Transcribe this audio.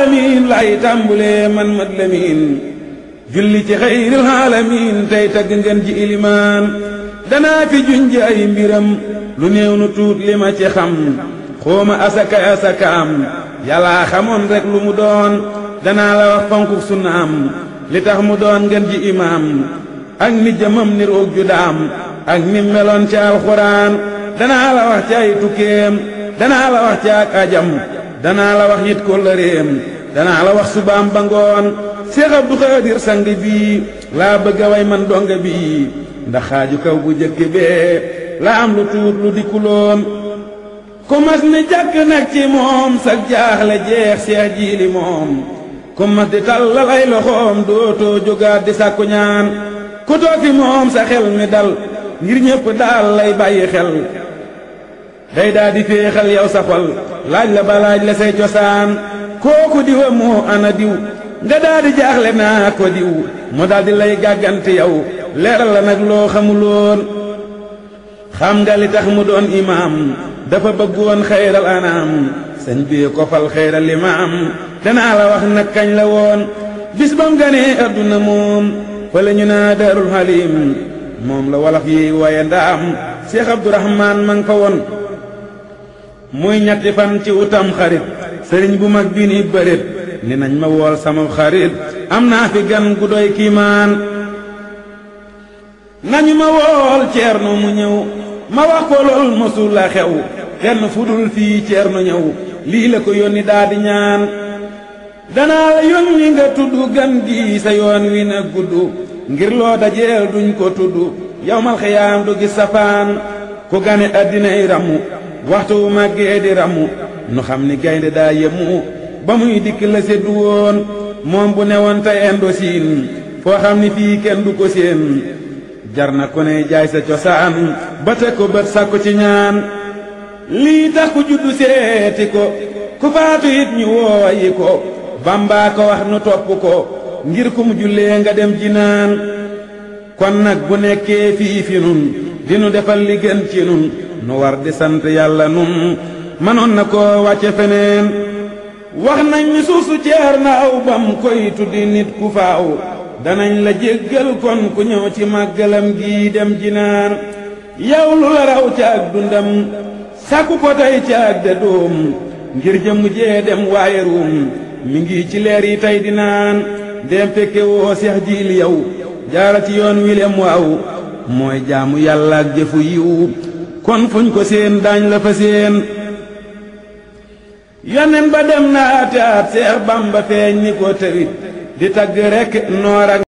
aalamiin laay julli ci xayril aalamiin tey tagg ngeen ji ilimaan danaa fi junj ay mbiram lu néew nu tuut li ci xam xooma asakay asaka am yàllaa xamoon rek lu mu doon danaa la wax fonku am li tax mu doon ngeen ji imaam ak ni jëmam ni roog ju daam ak ni meloon ci alxuraan danaa la wax ci ay tukkeem danaa la wax ci ak ajam danaa la wax yit kóllëreem danaa la wax subaam ba ngoon Seex Abdu Xaadir sang bii laa bëgg way man donga bii ndax xaaju kaw bu jëkk bee la am lu tuut lu dikkuloon ku mas ni jàkk nag ci moom sag jaaxle jeex Seex Jiili moom ku mas di tàllal ay loxoom dootoo jógaat di sàkku ku toog moom sa xel mi dal ngir ñépp daal lay bàyyi xel day daa di féexal yow laaj la ba laaj la say cosaan kooku diwa moo ana diw nga daa di jaaxle naa ko diw mu daal lay gàggante yow leeral la nag loo xamuloon xam nga tax mu doon imaam dafa won xayral anaam sëñ bi ko fal xayral imaam danaa la wax nag kañ la woon bis bam ganee adduna moom fële ñu naa darul halim moom la walax yi waaye ndaam Cheikh Abdourahman ma nga fa woon muy ñetti fan ci utam xarit sëriñ bu mag bi ni bërit ni nañ ma wool sama xarit am naa fi gan gu doy kiimaan nañu ma wool ceerno mu ñëw ma wax ko lool mësul la xew kenn fu dul fii ceerno ñëw lii la ko yónni daa di ñaan danaa yónni nga tudd gan gi sa yoon wi na gudd ngir loo dajeel duñ ko tudd yow mal xiyaam du gis safaan ku gane addinay ramu waxtu wu màggee di ramu nu xam ni gaynde daa yemu ba muy dikk la seddu woon moom bu newoon tey endo siin foo xam ni fii kenn du ko seen jar na ko ne jaay sa cosaan ba teg ko bët sàkku ci ñaan lii tax ku juddu seeti ko ku faatu it ñu wooyi ko bambaa ko wax nu topp ko ngir ku mu jullee nga dem ji naan kon nag bu nekkee fii fi nun dinu defal li gën ci nun nu war di sant yàlla nun mënoon na koo wàcce feneen wax nañ ni suuf su ceer na aw bam koy tuddi nit ku faaw danañ la jéggal kon ku ñëw ci màggalam gii dem jinaan yow lu la raw ca ak dundam sàkku ko tey ca de doom ngir jëmu jee dem waaye ruum mi ngi ci leer yi tey di naan dem fekke woo seex jiil yow jaara ci yoon wi lem waaw mooy jaamu yàlla ak jëfu yiw kon fuñ ko seen daañ la fa seen yonen ba dem na ati at Seex Bamba feeñ ni ko tawit di tagg rekk noor